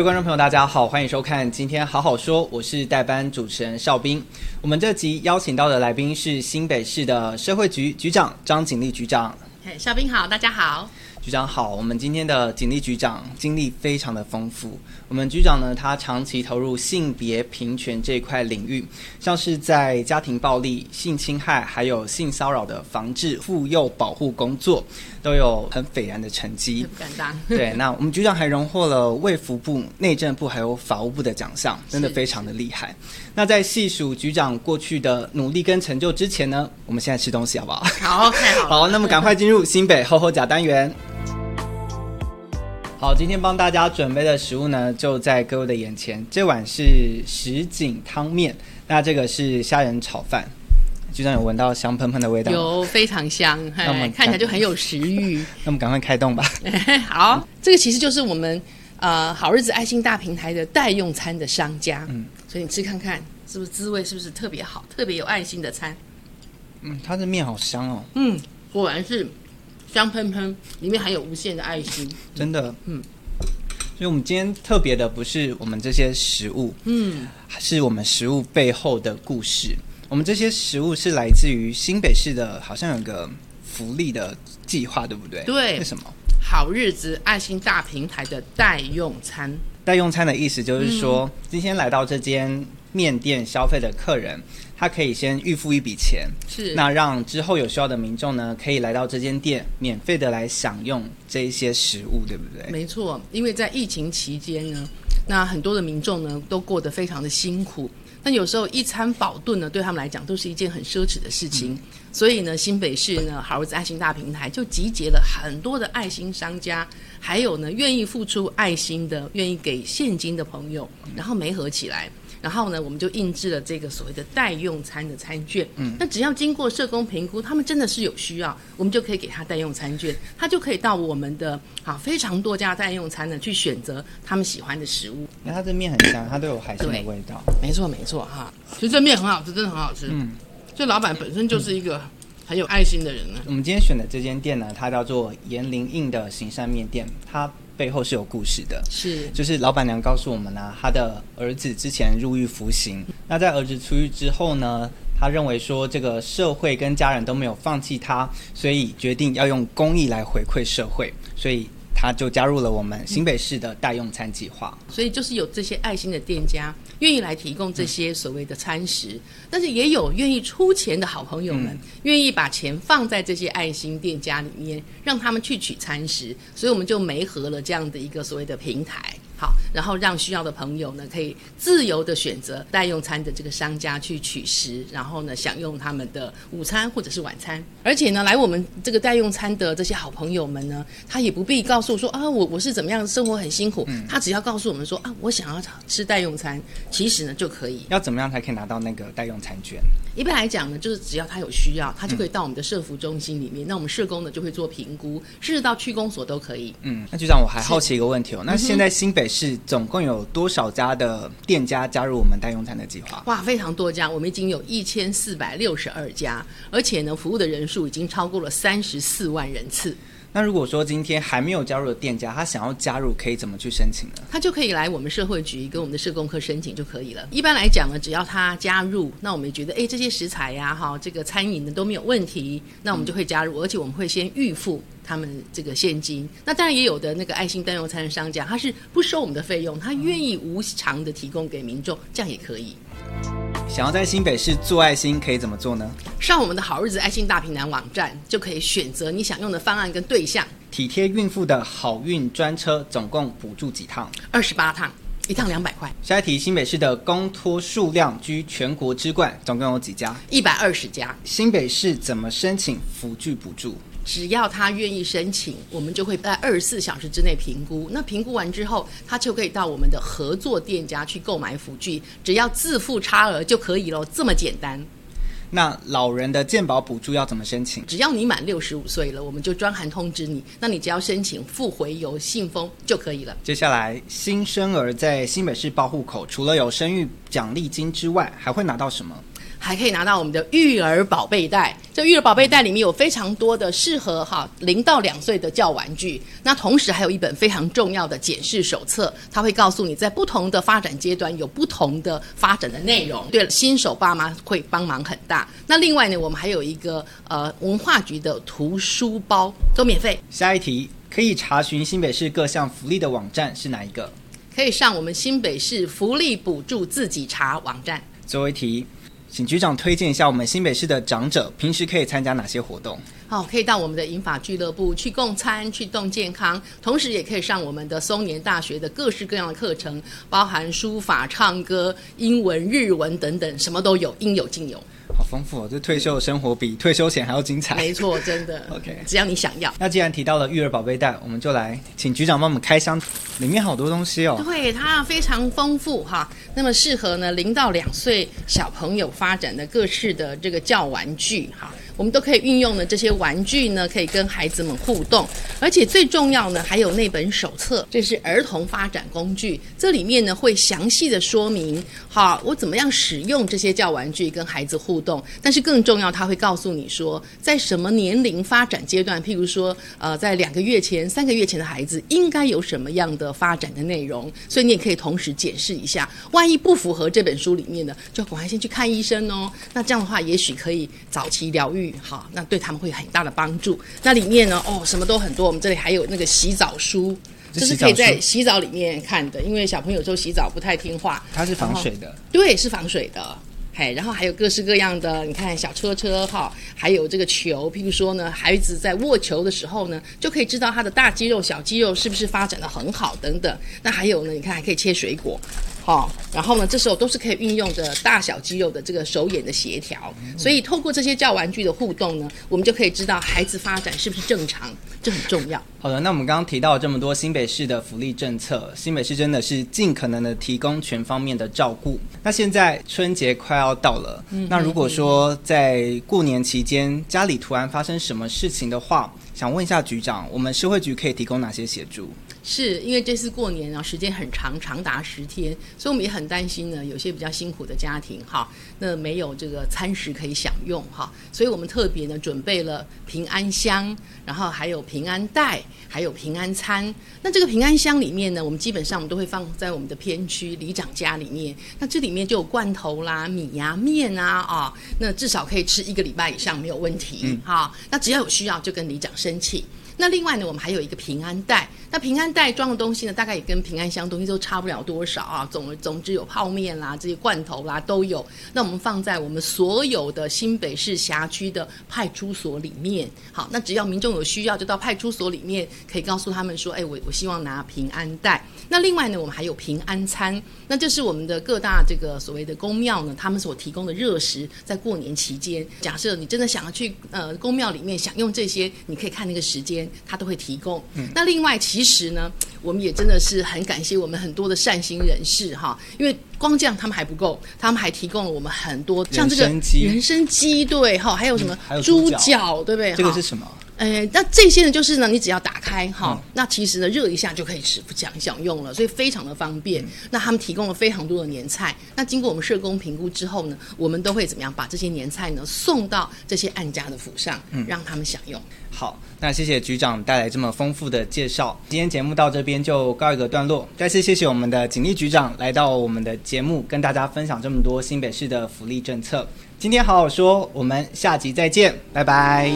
各位觀眾朋友，大家好，歡迎收看今天好好說，我是代班主持人邵斌。我們這集邀請到的來賓是新北市的社會局局長張錦麗局長。嘿，邵斌好，大家好。局長好，我們今天的警力局長經歷非常的豐富。我們局長呢，他長期投入性別平權這一塊領域，像是在家庭暴力、性侵害還有性騷擾的防治、婦幼保護工作，都有很斐然的成績。不敢當。對，那我們局長還榮獲了衛福部、內政部還有法務部的獎項，真的非常的厲害。是那在細數局長過去的努力跟成就之前呢，我們現在吃東西好不好？好，好，好。那麼趕快進入新北厚厚呷單元。好，今天幫大家準備的食物呢，就在各位的眼前。這碗是什錦湯麵，那這個是蝦仁炒飯。居然有聞到香噴噴的味道，有非常香，嘿麼看起來就很有食欲。 那我們趕快開動吧。 好，這個其實就是我們呃好日子愛心大平台的待用餐的商家，嗯，所以你吃看看是不是滋味，是不是特別好，特別有愛心的餐。嗯，它的麵好香哦。嗯，果然是。香噴噴，裡面還有無限的愛心，真的，嗯。所以，我們今天特別的不是我們這些食物，嗯，是我們食物背後的故事。我們這些食物是來自於新北市的，好像有個福利的計劃，對不對？對。為什麼？好日子愛心大平台的待用餐。待用餐的意思就是說，嗯、今天來到這間。面店消費的客人，他可以先預付一筆錢，是那讓之後有需要的民眾呢，可以來到這間店免費的來享用這一些食物，對不對？沒錯，因為在疫情期間呢，那很多的民眾呢都過得非常的辛苦，那有時候一餐飽頓呢對他們來講都是一件很奢侈的事情，嗯、所以呢新北市呢好日子愛心大平台就集結了很多的愛心商家，還有呢願意付出愛心的願意給現金的朋友，嗯、然後媒合起來。然後呢，我們就印制了這個所謂的待用餐的餐券。嗯，那只要經過社工評估，他們真的是有需要，我們就可以給他待用餐券，他就可以到我們的好非常多家待用餐呢去選擇他們喜歡的食物。那它這麵很香，它都有海鮮的味道。沒錯，沒錯哈。其實這麵很好吃，真的很好吃。嗯，這老板本身就是一個。嗯很有愛心的人呢、啊。我們今天選的這間店呢，它叫做嚴靈印的行善麵店，它背後是有故事的。是，就是老闆娘告訴我們呢、啊，她的兒子之前入獄服刑，那在兒子出獄之後呢，他認為說這個社會跟家人都沒有放棄他，所以決定要用公益來回饋社會，所以。他就加入了我們新北市的待用餐計劃、嗯，所以就是有這些愛心的店家願意來提供這些所謂的餐食，嗯，但是也有願意出錢的好朋友們，願意把錢放在這些愛心店家裡面，讓他們去取餐食，所以我們就媒合了這樣的一個所謂的平台。好，然後讓需要的朋友呢，可以自由的選擇待用餐的這個商家去取食，然後呢，享用他們的午餐或者是晚餐。而且呢，來我們這個待用餐的這些好朋友們呢，他也不必告訴說啊，我我是怎麼樣生活很辛苦，嗯、他只要告訴我們說啊，我想要吃待用餐，其實呢就可以。要怎麼樣才可以拿到那個待用餐券？一般來講呢，就是只要他有需要，他就可以到我們的社福中心裡面，嗯、那我們社工呢就會做評估，甚至到區公所都可以。嗯，那局長，我還好奇一個問題哦，是那現在新北。是總共有多少家的店家加入我們待用餐的計劃？哇，非常多家，我們已經有一千四百六十二家，而且呢，服務的人數已經超過了三十四萬人次。那如果說今天還沒有加入的店家，他想要加入，可以怎麼去申請呢？他就可以來我們社會局跟我們的社工科申請就可以了。一般來講呢，只要他加入，那我們也覺得，哎，這些食材呀，哈，這個餐飲的都沒有問題，那我們就會加入，嗯、而且我們會先預付他們這個現金。那當然也有的那個愛心待用餐的商家，他是不收我們的費用，他願意無償的提供給民眾，這樣也可以。想要在新北市做愛心可以怎麼做呢？上我們的好日子愛心大平台網站，就可以選擇你想用的方案跟對象。體貼孕婦的好運專車總共補助幾趟？二十八趟，一趟兩百塊。下一題，新北市的公托數量居全國之冠，總共有幾家？一百二十家。新北市怎麼申請輔具補助？只要他願意申請，我們就會在二十四小時之內評估。那評估完之後，他就可以到我們的合作店家去購買輔具，只要自付差額就可以囉，這麼簡單。那老人的健保補助要怎麼申請？只要你滿六十五歲了，我們就專函通知你。那你只要申請附回郵信封就可以了。接下來，新生兒在新北市報戶口，除了有生育獎勵金之外，還會拿到什麼？還可以拿到我們的育兒寶貝袋，這育兒寶貝袋裡面有非常多的適合哈零到兩歲的教玩具，那同時還有一本非常重要的檢視手冊，它會告訴你在不同的發展階段有不同的發展的內容。對了，新手爸媽會幫忙很大。那另外呢，我們還有一個呃文化局的圖書包都免費。下一題，可以查詢新北市各項福利的網站是哪一個？可以上我們新北市福利補助自己查網站。最後一題。請局長推薦一下我們新北市的長者，平時可以參加哪些活動？好，可以到我們的銀髮俱樂部去共餐、去動健康，同時也可以上我們的松年大學的各式各樣的課程，包含書法、唱歌、英文、日文等等，什麼都有，應有盡有。好豐富哦！這退休的生活比對退休前還要精彩。沒錯，真的。 OK，只要你想要。那既然提到了育兒寶貝袋，我們就來請局長幫我們開箱，裡面好多東西哦。對，它非常豐富哈。那麼適合呢零到兩歲小朋友發展的各式的這個教玩具哈。我們都可以運用的這些玩具呢，可以跟孩子們互動，而且最重要呢，還有那本手冊，這是兒童發展工具。這裡面呢會詳細的說明，好，我怎麼樣使用這些教玩具跟孩子互動。但是更重要，他會告訴你說，在什麼年齡發展階段，譬如說，呃，在兩個月前、三個月前的孩子應該有什麼樣的發展的內容。所以你也可以同時解釋一下，萬一不符合這本書裡面的，就趕快先去看醫生哦。那這樣的話，也許可以早期療育。好，那對他們會有很大的幫助。那裡面呢，哦，什麼都很多。我們這裡還有那個洗澡書，這是洗澡書？這是可以在洗澡裡面看的，因為小朋友有洗澡不太聽話。它是防水的，對，是防水的。嘿，然後還有各式各樣的，你看小車車哈，還有這個球。譬如說呢，孩子在握球的時候呢，就可以知道他的大肌肉、小肌肉是不是發展得很好等等。那還有呢，你看還可以切水果。哦，然後呢，這時候都是可以運用的大小肌肉的這個手眼的協調，嗯，所以透過這些教玩具的互動呢，我們就可以知道孩子發展是不是正常，這很重要。好的，那我們剛剛提到這麼多新北市的福利政策，新北市真的是盡可能的提供全方面的照顧。那現在春節快要到了，嗯嗯嗯，那如果說在過年期間家裡突然發生什麼事情的話，想問一下局長，我們社會局可以提供哪些協助？是，因為這次過年啊，時間很長，長達十天，所以我們也很擔心呢，有些比較辛苦的家庭哈，那沒有這個餐食可以享用哈，所以我們特別呢準備了平安箱，然後還有平安袋，還有平安餐。那這個平安箱裡面呢，我們基本上我們都會放在我們的片區里長家裡面，那這裡面就有罐頭啦、米啊、麵啊啊、哦，那至少可以吃一個禮拜以上 沒有問題，嗯，哈，那只要有需要就跟里長申請。那另外呢，我們還有一個平安袋。那平安袋裝的東西呢，大概也跟平安箱東西都差不了多少啊。總總之有泡麵啦，這些罐頭啦都有。那我們放在我們所有的新北市轄區的派出所裡面。好，那只要民眾有需要，就到派出所裡面可以告訴他們說，哎、欸，我我希望拿平安袋。那另外呢，我們還有平安餐。那就是我們的各大這個所謂的宮廟呢，他們所提供的熱食，在過年期間，假設你真的想要去呃宮廟裡面享用這些，你可以看那個時間。他都會提供。嗯，那另外，其實呢，我們也真的是很感謝我們很多的善心人士哈，因為光這樣他們還不夠，他們還提供了我們很多，像這個人參雞，對哈，還有什麼豬腳，對不對？這個是什麼？呃，那這些呢，就是呢，你只要打開哈，哦哦、那其實呢，熱一下就可以吃，享享用了，所以非常的方便。嗯、那他們提供了非常多的年菜，那經過我們社工評估之後呢，我們都會怎麼樣，把這些年菜呢送到這些案家的府上，讓他們享用、嗯。好，那謝謝局長帶來這麼豐富的介紹，今天節目到這邊就告一個段落，再次謝謝我們的錦麗局長來到我們的節目，跟大家分享這麼多新北市的福利政策。今天好好說，我們下集再見，拜拜。